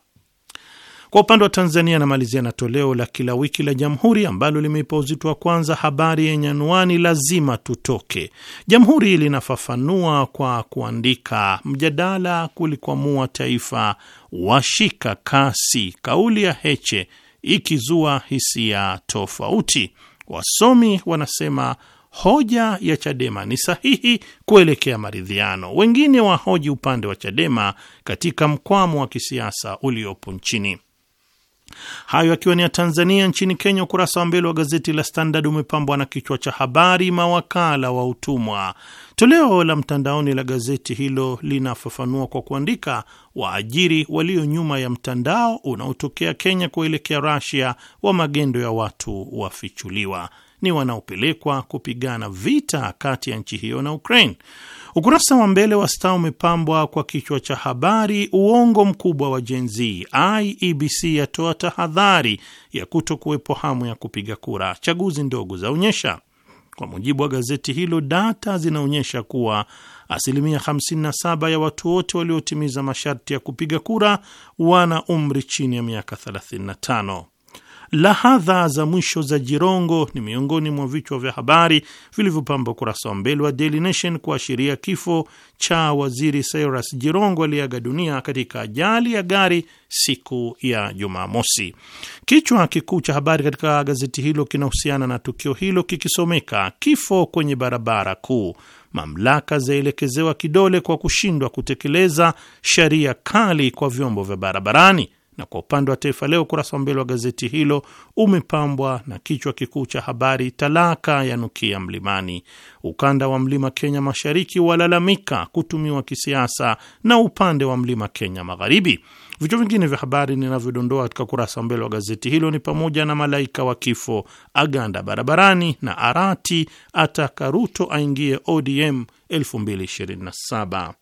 Kwa upande wa Tanzania, namalizia na toleo la kila wiki la Jamhuri ambalo limeipa uzito wa kwanza habari yenye anwani lazima tutoke. Jamhuri linafafanua kwa kuandika, mjadala kulikwamua taifa washika kasi, kauli ya Heche ikizua hisia tofauti. Wasomi wanasema hoja ya Chadema ni sahihi kuelekea maridhiano. Wengine wahoji upande wa Chadema katika mkwamo wa kisiasa uliopo nchini. Hayo akiwa ni ya Tanzania. Nchini Kenya, ukurasa wa mbele wa gazeti la Standard umepambwa na kichwa cha habari mawakala wa utumwa. Toleo la mtandaoni la gazeti hilo linafafanua kwa kuandika, waajiri walio nyuma ya mtandao unaotokea Kenya kuelekea rasia wa magendo ya watu wafichuliwa ni wanaopelekwa kupigana vita kati ya nchi hiyo na Ukraine. Ukurasa wa mbele wa Star umepambwa kwa kichwa cha habari, uongo mkubwa wa Gen Z, IEBC yatoa tahadhari ya kuto kuwepo hamu ya kupiga kura, chaguzi ndogo zaonyesha. Kwa mujibu wa gazeti hilo, data zinaonyesha kuwa asilimia 57 ya watu wote waliotimiza masharti ya kupiga kura wana umri chini ya miaka 35 lahadha za mwisho za Jirongo ni miongoni mwa vichwa vya habari vilivyopamba ukurasa wa mbele wa Daily Nation kuashiria kifo cha waziri Cyrus Jirongo aliyeaga dunia katika ajali ya gari siku ya Jumamosi. Kichwa kikuu cha habari katika gazeti hilo kinahusiana na tukio hilo kikisomeka, kifo kwenye barabara kuu, mamlaka zaelekezewa kidole kwa kushindwa kutekeleza sheria kali kwa vyombo vya barabarani. Na kwa upande wa Taifa Leo, ukurasa wa mbele wa gazeti hilo umepambwa na kichwa kikuu cha habari, talaka ya nukia mlimani, ukanda wa mlima Kenya mashariki walalamika kutumiwa kisiasa na upande wa mlima Kenya magharibi. Vichwa vingine vya habari ninavyodondoa katika ukurasa wa mbele wa gazeti hilo ni pamoja na malaika wa kifo aganda barabarani na Arati ataka Ruto aingie ODM 2027.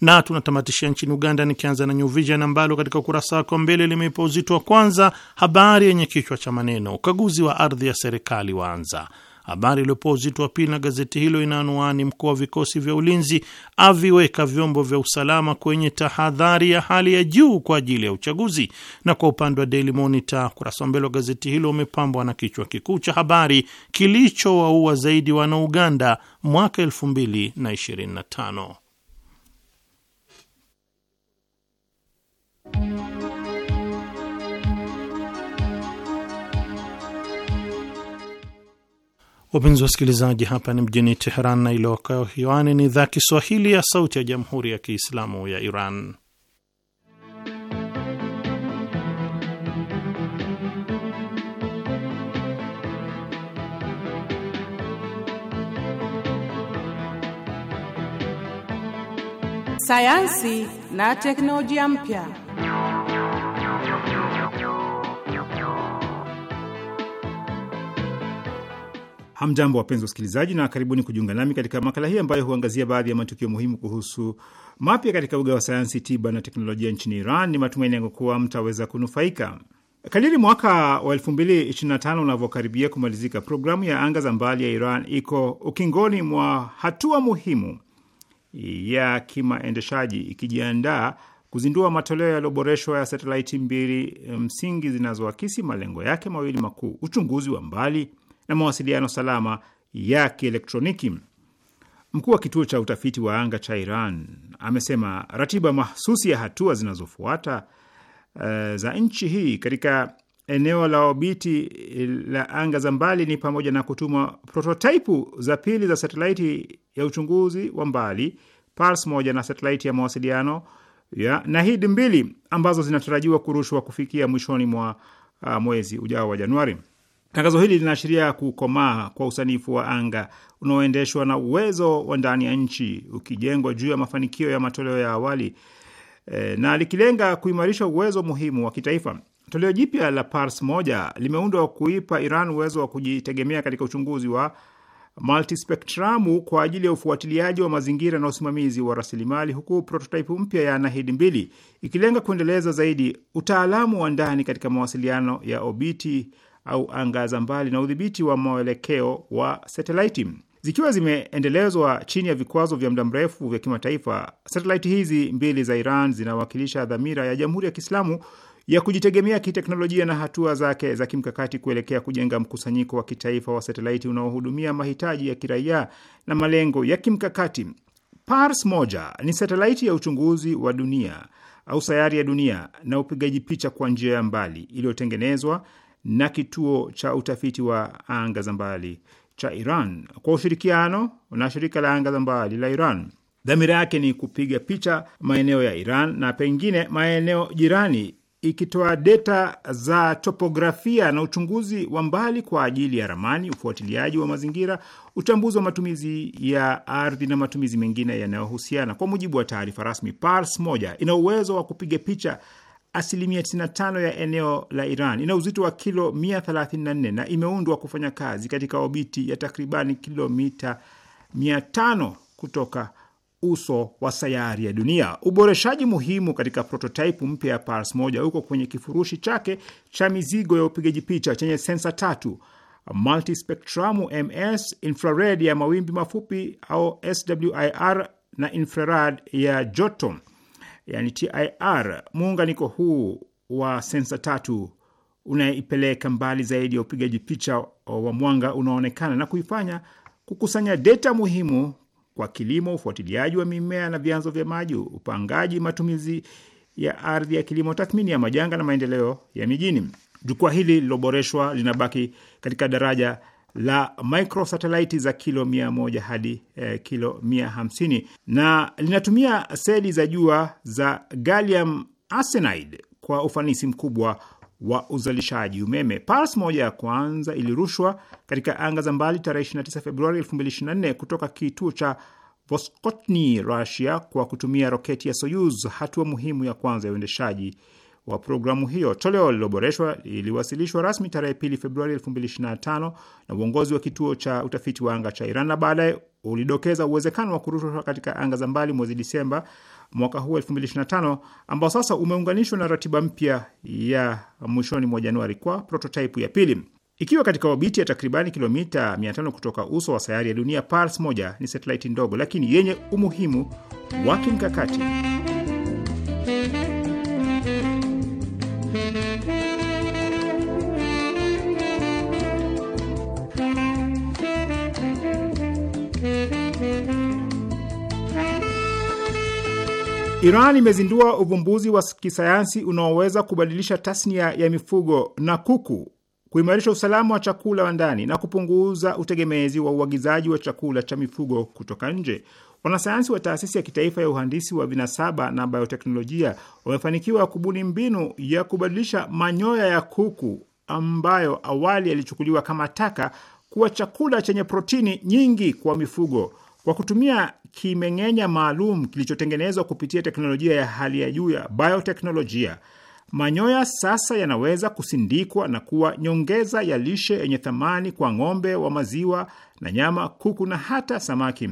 Na tunatamatishia nchini Uganda, nikianza na New Vision ambalo katika ukurasa wake wa mbele limeipa uzito wa kwanza habari yenye kichwa cha maneno ukaguzi wa ardhi ya serikali waanza. Habari iliyopoa uzito wa pili na gazeti hilo ina anwani mkuu wa vikosi vya ulinzi aviweka vyombo vya usalama kwenye tahadhari ya hali ya juu kwa ajili ya uchaguzi. Na kwa upande wa Daily Monitor, kurasa wa mbele wa gazeti hilo umepambwa na kichwa kikuu cha habari kilichowaua zaidi wana Uganda mwaka 225 Wapenzi wasikilizaji, hapa ni mjini Teheran na iliyoko hewani ni idhaa Kiswahili ya Sauti ya Jamhuri ya Kiislamu ya Iran. Sayansi na teknolojia mpya. Hamjambo, wapenzi wasikilizaji, na karibuni kujiunga nami katika makala hii ambayo huangazia baadhi ya matukio muhimu kuhusu mapya katika uga wa sayansi, tiba na teknolojia nchini Iran. Ni matumaini yangu kuwa mtaweza kunufaika. Kadiri mwaka wa 2025 unavyokaribia kumalizika, programu ya anga za mbali ya Iran iko ukingoni mwa hatua muhimu ya kimaendeshaji, ikijiandaa kuzindua matoleo yaliyoboreshwa ya satelaiti mbili msingi zinazoakisi malengo yake mawili makuu: uchunguzi wa mbali na mawasiliano salama ya kielektroniki. Mkuu wa kituo cha utafiti wa anga cha Iran amesema ratiba mahsusi ya hatua zinazofuata uh, za nchi hii katika eneo la obiti la anga za mbali ni pamoja na kutuma prototipu za pili za satelaiti ya uchunguzi wa mbali Pars moja na satelaiti ya mawasiliano ya Nahid mbili ambazo zinatarajiwa kurushwa kufikia mwishoni mwa uh, mwezi ujao wa Januari. Tangazo hili linaashiria kukomaa kwa usanifu wa anga unaoendeshwa na uwezo wa ndani ya nchi ukijengwa juu ya mafanikio ya matoleo ya awali e, na likilenga kuimarisha uwezo muhimu wa kitaifa. Toleo jipya la Pars moja limeundwa kuipa Iran uwezo wa kujitegemea katika uchunguzi wa multispektramu kwa ajili ya ufuatiliaji wa mazingira na usimamizi wa rasilimali, huku prototipu mpya ya Nahidi mbili ikilenga kuendeleza zaidi utaalamu wa ndani katika mawasiliano ya obiti au anga za mbali na udhibiti wa mwelekeo wa satelaiti. Zikiwa zimeendelezwa chini ya vikwazo vya muda mrefu vya kimataifa, satelaiti hizi mbili za Iran zinawakilisha dhamira ya Jamhuri ya Kiislamu ya kujitegemea kiteknolojia na hatua zake za kimkakati kuelekea kujenga mkusanyiko wa kitaifa wa satelaiti unaohudumia mahitaji ya kiraia na malengo ya kimkakati. Pars moja ni satelaiti ya uchunguzi wa dunia au sayari ya dunia na upigaji picha kwa njia ya mbali iliyotengenezwa na kituo cha utafiti wa anga za mbali cha Iran kwa ushirikiano na shirika la anga za mbali la Iran. Dhamira yake ni kupiga picha maeneo ya Iran na pengine maeneo jirani, ikitoa data za topografia na uchunguzi wa mbali kwa ajili ya ramani, ufuatiliaji wa mazingira, utambuzi wa matumizi ya ardhi na matumizi mengine yanayohusiana. Kwa mujibu wa taarifa rasmi, Pars moja ina uwezo wa kupiga picha asilimia 95 ya eneo la Iran ina uzito wa kilo 134 na imeundwa kufanya kazi katika obiti ya takribani kilomita 500 kutoka uso wa sayari ya dunia. Uboreshaji muhimu katika prototipu mpya ya Pars moja uko kwenye kifurushi chake cha mizigo ya upigaji picha chenye sensa tatu multispektramu ms, infrared ya mawimbi mafupi au SWIR na infrared ya joto yani TIR. Muunganiko huu wa sensa tatu unaipeleka mbali zaidi ya upigaji picha wa mwanga unaoonekana na kuifanya kukusanya deta muhimu kwa kilimo, ufuatiliaji wa mimea na vyanzo vya maji, upangaji, matumizi ya ardhi ya kilimo, tathmini ya majanga na maendeleo ya mijini. Jukwaa hili liloboreshwa linabaki katika daraja la microsatellite za kilo 100 hadi eh, kilo 150 na linatumia seli za jua za gallium arsenide kwa ufanisi mkubwa wa uzalishaji umeme. Pars moja ya kwanza ilirushwa katika anga za mbali tarehe 29 Februari 2024 kutoka kituo cha Voskotni, Russia, kwa kutumia roketi ya Soyuz, hatua muhimu ya kwanza ya uendeshaji wa programu hiyo. Toleo lililoboreshwa iliwasilishwa rasmi tarehe pili Februari 2025 na uongozi wa kituo cha utafiti wa anga cha Iran na baadaye ulidokeza uwezekano wa kurushwa katika anga za mbali mwezi Disemba mwaka huu 2025 ambao sasa umeunganishwa na ratiba mpya ya mwishoni mwa Januari kwa prototipu ya pili ikiwa katika obiti ya takribani kilomita 500 kutoka uso wa sayari ya dunia. Pars moja ni satelaiti ndogo lakini yenye umuhimu wa kimkakati. Iran imezindua uvumbuzi wa kisayansi unaoweza kubadilisha tasnia ya mifugo na kuku, kuimarisha usalama wa chakula wa ndani na kupunguza utegemezi wa uagizaji wa chakula cha mifugo kutoka nje. Wanasayansi wa taasisi ya kitaifa ya uhandisi wa vinasaba na bioteknolojia wamefanikiwa kubuni mbinu ya kubadilisha manyoya ya kuku ambayo awali yalichukuliwa kama taka kuwa chakula chenye protini nyingi kwa mifugo. Kwa kutumia kimeng'enya maalum kilichotengenezwa kupitia teknolojia ya hali ya juu ya bioteknolojia. Manyoya sasa yanaweza kusindikwa na kuwa nyongeza ya lishe yenye thamani kwa ng'ombe wa maziwa na nyama, kuku na hata samaki.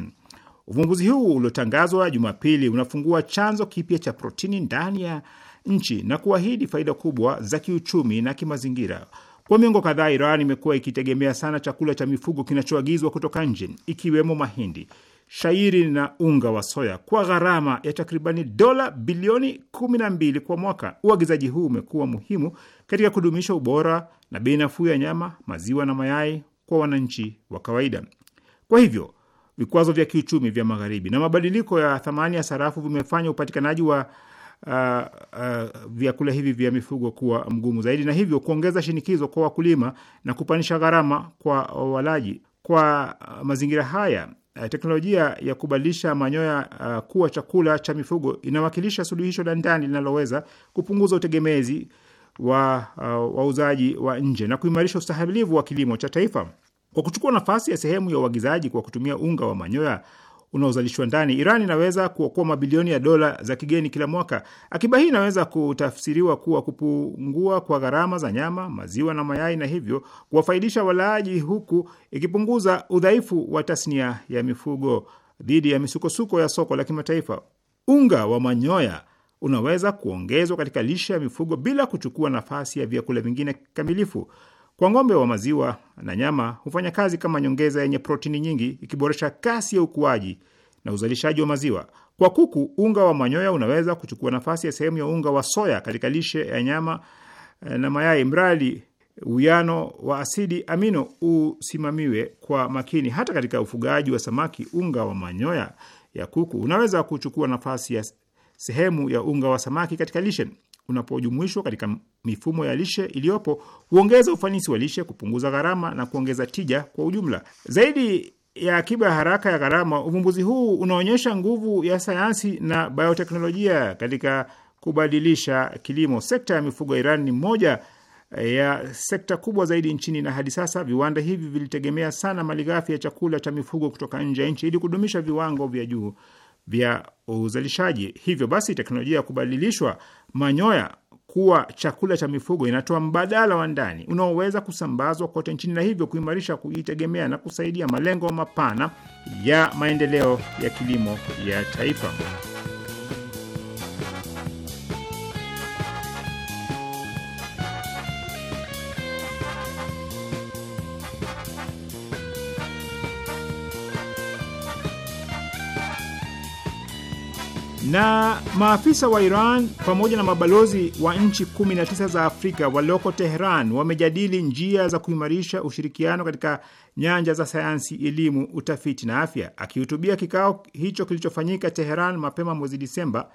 Uvumbuzi huu uliotangazwa Jumapili unafungua chanzo kipya cha protini ndani ya nchi na kuahidi faida kubwa za kiuchumi na kimazingira. Kwa miongo kadhaa, Iran imekuwa ikitegemea sana chakula cha mifugo kinachoagizwa kutoka nje, ikiwemo mahindi shairi na unga wa soya kwa gharama ya takribani dola bilioni 12 kwa mwaka. Uagizaji huu umekuwa muhimu katika kudumisha ubora na bei nafuu ya nyama, maziwa na mayai kwa wananchi wa kawaida. Kwa hivyo vikwazo vya kiuchumi vya Magharibi na mabadiliko ya thamani ya sarafu vimefanya upatikanaji wa uh, uh, vyakula hivi vya mifugo kuwa mgumu zaidi, na hivyo kuongeza shinikizo kwa wakulima na kupanisha gharama kwa walaji. Kwa uh, mazingira haya Eh, teknolojia ya kubadilisha manyoya uh, kuwa chakula cha mifugo inawakilisha suluhisho la ndani linaloweza kupunguza utegemezi wa eh, wauzaji wa, wa nje na kuimarisha ustahimilivu wa kilimo cha taifa. Kwa kuchukua nafasi ya sehemu ya uagizaji kwa kutumia unga wa manyoya unaozalishwa ndani, Iran inaweza kuokoa mabilioni ya dola za kigeni kila mwaka. Akiba hii inaweza kutafsiriwa kuwa kupungua kwa gharama za nyama, maziwa na mayai, na hivyo kuwafaidisha walaaji, huku ikipunguza udhaifu wa tasnia ya mifugo dhidi ya misukosuko ya soko la kimataifa. Unga wa manyoya unaweza kuongezwa katika lishe ya mifugo bila kuchukua nafasi ya vyakula vingine kikamilifu. Kwa ng'ombe wa maziwa na nyama hufanya kazi kama nyongeza yenye protini nyingi, ikiboresha kasi ya ukuaji na uzalishaji wa maziwa. Kwa kuku, unga wa manyoya unaweza kuchukua nafasi ya sehemu ya unga wa soya katika lishe ya nyama eh, na mayai, mradi uwiano wa asidi amino usimamiwe kwa makini. Hata katika ufugaji wa samaki, unga wa manyoya ya kuku unaweza kuchukua nafasi ya sehemu ya unga wa samaki katika lishe unapojumuishwa katika mifumo ya lishe iliyopo huongeza ufanisi wa lishe, kupunguza gharama na kuongeza tija kwa ujumla. Zaidi ya akiba ya haraka ya gharama, uvumbuzi huu unaonyesha nguvu ya sayansi na bioteknolojia katika kubadilisha kilimo. Sekta ya mifugo ya Iran ni moja eh, ya sekta kubwa zaidi nchini, na hadi sasa viwanda hivi vilitegemea sana malighafi ya chakula cha mifugo kutoka nje ya nchi ili kudumisha viwango vya juu vya uzalishaji. Hivyo basi, teknolojia ya kubadilishwa manyoya kuwa chakula cha mifugo inatoa mbadala wa ndani unaoweza kusambazwa kote nchini na hivyo kuimarisha kujitegemea na kusaidia malengo mapana ya maendeleo ya kilimo ya taifa. na maafisa wa Iran pamoja na mabalozi wa nchi 19 za Afrika walioko Teheran wamejadili njia za kuimarisha ushirikiano katika nyanja za sayansi, elimu, utafiti na afya. Akihutubia kikao hicho kilichofanyika Teheran mapema mwezi Disemba,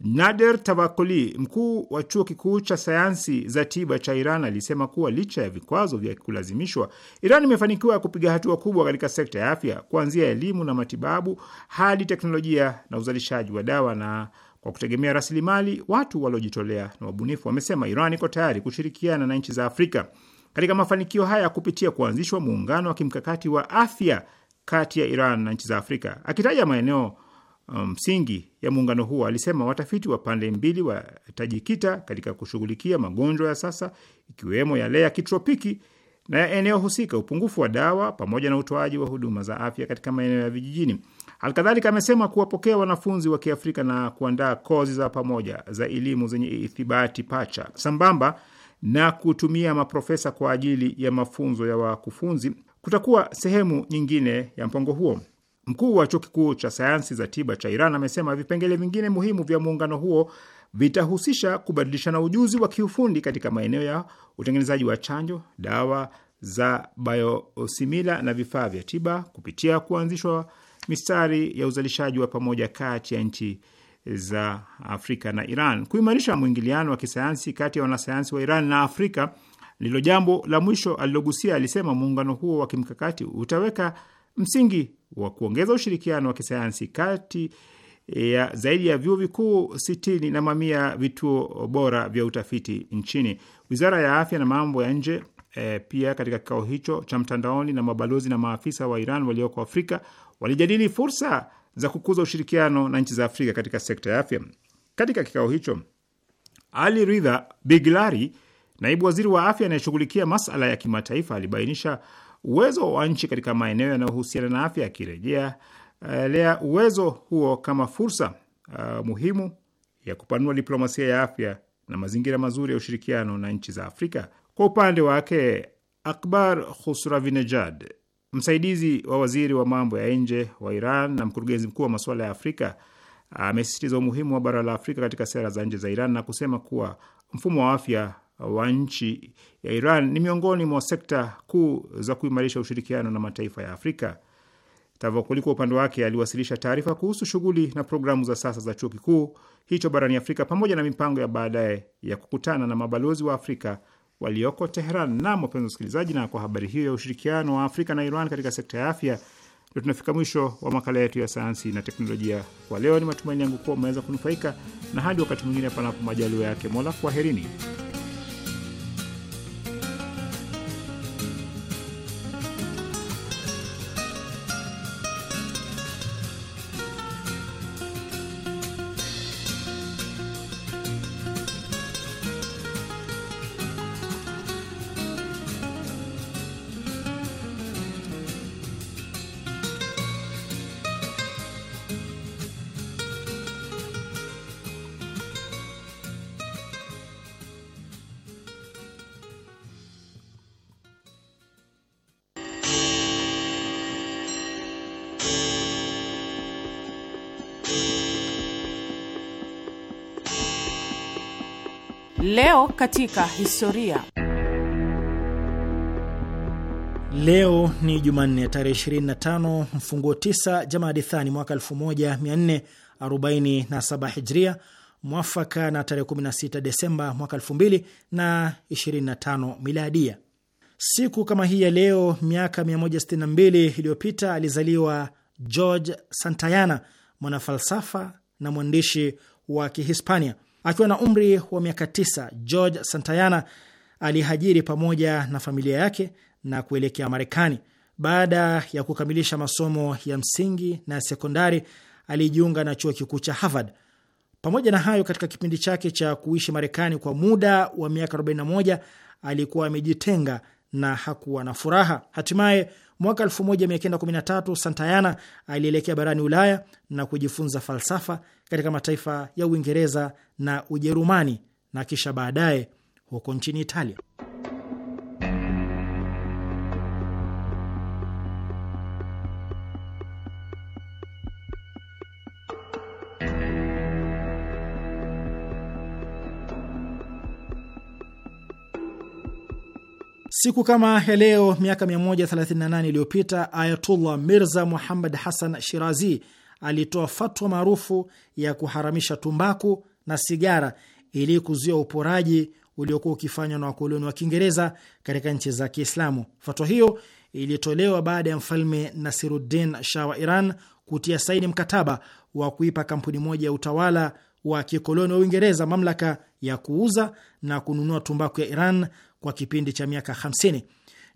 Nader Tabakoli, mkuu wa chuo kikuu cha sayansi za tiba cha Iran, alisema kuwa licha ya vikwazo vya kulazimishwa, Iran imefanikiwa kupiga hatua kubwa katika sekta ya afya, kuanzia elimu na matibabu hadi teknolojia na uzalishaji wa dawa na kwa kutegemea rasilimali watu waliojitolea na wabunifu. Wamesema Iran iko tayari kushirikiana na nchi za Afrika katika mafanikio haya kupitia kuanzishwa muungano wa kimkakati wa afya kati ya Iran na nchi za Afrika, akitaja maeneo Um, msingi um, ya muungano huo. Alisema watafiti wa pande mbili watajikita katika kushughulikia magonjwa ya sasa ikiwemo yale ya kitropiki na ya eneo husika, upungufu wa dawa pamoja na utoaji wa huduma za afya katika maeneo ya vijijini. Alkadhalika amesema kuwapokea wanafunzi wa Kiafrika na kuandaa kozi za pamoja za elimu zenye ithibati pacha sambamba na kutumia maprofesa kwa ajili ya mafunzo ya wakufunzi kutakuwa sehemu nyingine ya mpango huo. Mkuu wa chuo kikuu cha sayansi za tiba cha Iran amesema vipengele vingine muhimu vya muungano huo vitahusisha kubadilishana ujuzi wa kiufundi katika maeneo ya utengenezaji wa chanjo, dawa za biosimila na vifaa vya tiba kupitia kuanzishwa mistari ya uzalishaji wa pamoja kati ya nchi za Afrika na Iran. Kuimarisha mwingiliano wa kisayansi kati ya wanasayansi wa Iran na Afrika ndilo jambo la mwisho alilogusia. Alisema muungano huo wa kimkakati utaweka Msingi wa kuongeza ushirikiano wa kisayansi kati ya zaidi ya vyuo vikuu sitini na mamia vituo bora vya utafiti nchini. Wizara ya afya na mambo ya nje e, pia katika kikao hicho cha mtandaoni na mabalozi na maafisa wa Iran walioko Afrika walijadili fursa za kukuza ushirikiano na nchi za Afrika katika sekta ya afya. Katika kikao hicho, Ali Ridha Biglari, naibu waziri wa afya anayeshughulikia masala ya kimataifa, alibainisha uwezo wa nchi katika maeneo yanayohusiana na afya, akirejea eh, lea uwezo huo kama fursa uh, muhimu ya kupanua diplomasia ya afya na mazingira mazuri ya ushirikiano na nchi za Afrika. Kwa upande wake, Akbar Khusravinejad, msaidizi wa waziri wa mambo ya nje wa Iran na mkurugenzi mkuu wa masuala ya Afrika, amesisitiza umuhimu wa bara la Afrika katika sera za nje za Iran na kusema kuwa mfumo wa afya wa nchi ya Iran ni miongoni mwa sekta kuu za kuimarisha ushirikiano na mataifa ya Afrika. Tavokoli kwa upande wake aliwasilisha taarifa kuhusu shughuli na programu za sasa za chuo kikuu hicho barani Afrika pamoja na mipango ya baadaye ya kukutana na mabalozi wa Afrika walioko Teheran. Nam, wapenzi wasikilizaji, na kwa habari hiyo ya ushirikiano wa Afrika na Iran katika sekta ya afya, ndio tunafika mwisho wa makala yetu ya sayansi na teknolojia kwa leo. Ni matumaini yangu kuwa umeweza kunufaika, na hadi wakati mwingine, panapo majaliwa yake Mola, kwaherini. katika historia. Leo ni Jumanne tarehe 25 mfunguo 9 Jamadi Thani mwaka 1447 Hijria, mwafaka na tarehe 16 Desemba mwaka 2025 Miladia. Siku kama hii ya leo miaka 162 iliyopita alizaliwa George Santayana, mwanafalsafa na mwandishi wa Kihispania. Akiwa na umri wa miaka tisa George Santayana alihajiri pamoja na familia yake na kuelekea Marekani. Baada ya kukamilisha masomo ya msingi na sekondari, alijiunga na chuo kikuu cha Harvard. Pamoja na hayo, katika kipindi chake cha kuishi Marekani kwa muda wa miaka 41 alikuwa amejitenga na hakuwa na furaha. Hatimaye Mwaka 1913 Santayana alielekea barani Ulaya na kujifunza falsafa katika mataifa ya Uingereza na Ujerumani na kisha baadaye huko nchini Italia. Siku kama ya leo miaka 138 iliyopita Ayatullah Mirza Muhammad Hassan Shirazi alitoa fatwa maarufu ya kuharamisha tumbaku na sigara ili kuzuia uporaji uliokuwa ukifanywa na wakoloni wa Kiingereza katika nchi za Kiislamu. Fatwa hiyo ilitolewa baada ya mfalme Nasiruddin Shah wa Iran kutia saini mkataba wa kuipa kampuni moja ya utawala wa kikoloni wa Uingereza mamlaka ya kuuza na kununua tumbaku ya Iran kwa kipindi cha miaka 50.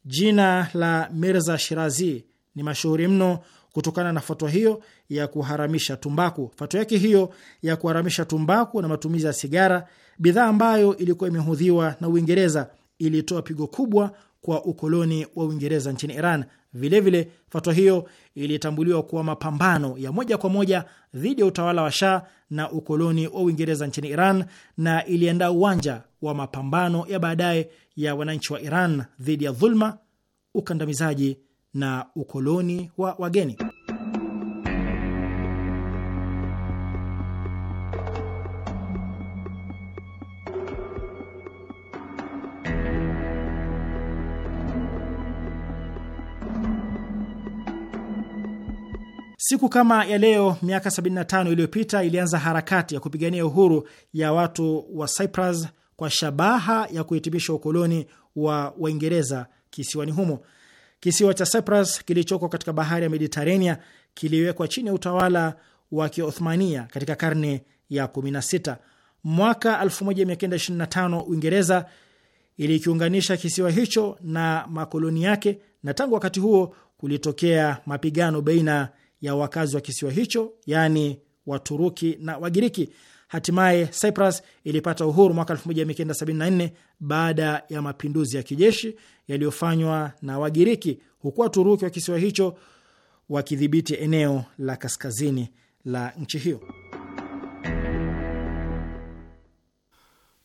Jina la Mirza Shirazi ni mashuhuri mno kutokana na fatwa hiyo ya kuharamisha tumbaku. Fatwa yake hiyo ya kuharamisha tumbaku na matumizi ya sigara, bidhaa ambayo ilikuwa imehudhiwa na Uingereza, ilitoa pigo kubwa kwa ukoloni wa Uingereza nchini Iran. Vilevile, fatwa hiyo ilitambuliwa kuwa mapambano ya moja kwa moja dhidi ya utawala wa Shah na ukoloni wa Uingereza nchini Iran na iliandaa uwanja wa mapambano ya baadaye ya wananchi wa Iran dhidi ya dhulma, ukandamizaji na ukoloni wa wageni. Siku kama ya leo miaka 75 iliyopita ilianza harakati ya kupigania uhuru ya watu wa Cyprus kwa shabaha ya kuhitimisha ukoloni wa Waingereza kisiwani humo. Kisiwa cha Cyprus kilichoko katika bahari ya Mediterania kiliwekwa chini ya utawala wa Kiothmania katika karne ya 16. Mwaka 1925 Uingereza ilikiunganisha kisiwa hicho na makoloni yake, na tangu wakati huo kulitokea mapigano baina ya wakazi wa kisiwa hicho, yaani Waturuki na Wagiriki. Hatimaye Cyprus ilipata uhuru mwaka 1974 baada ya mapinduzi ya kijeshi yaliyofanywa na Wagiriki, huku Waturuki wa kisiwa hicho wakidhibiti eneo la kaskazini la nchi hiyo.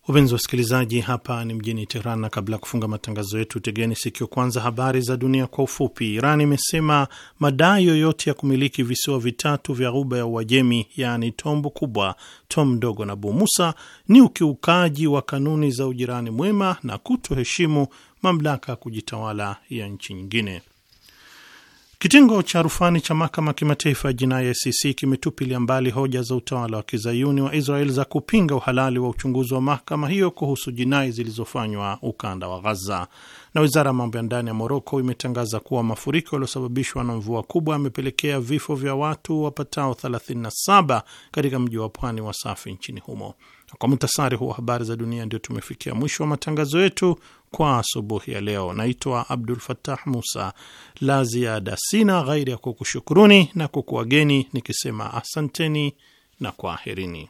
Wapenzi wasikilizaji, hapa ni mjini tehran na kabla ya kufunga matangazo yetu, tegeni sikio kwanza habari za dunia kwa ufupi. Iran imesema madai yoyote ya kumiliki visiwa vitatu vya ghuba ya Uajemi, yaani Tombu Kubwa, Tom Ndogo na Bu Musa ni ukiukaji wa kanuni za ujirani mwema na kutoheshimu mamlaka ya kujitawala ya nchi nyingine. Kitengo cha rufani cha mahakama kimataifa ya jinai ICC kimetupilia mbali hoja za utawala wa kizayuni wa Israel za kupinga uhalali wa uchunguzi wa mahakama hiyo kuhusu jinai zilizofanywa ukanda wa Ghaza. Na wizara ya mambo ya ndani ya Moroko imetangaza kuwa mafuriko yaliyosababishwa na mvua kubwa yamepelekea vifo vya watu wapatao 37 katika mji wa pwani wa Safi nchini humo. Na kwa muhtasari huwa habari za dunia, ndio tumefikia mwisho wa matangazo yetu kwa asubuhi ya leo. Naitwa Abdul fatah Musa. La ziada sina ghairi ya kukushukuruni na kukuageni nikisema asanteni na kwaherini.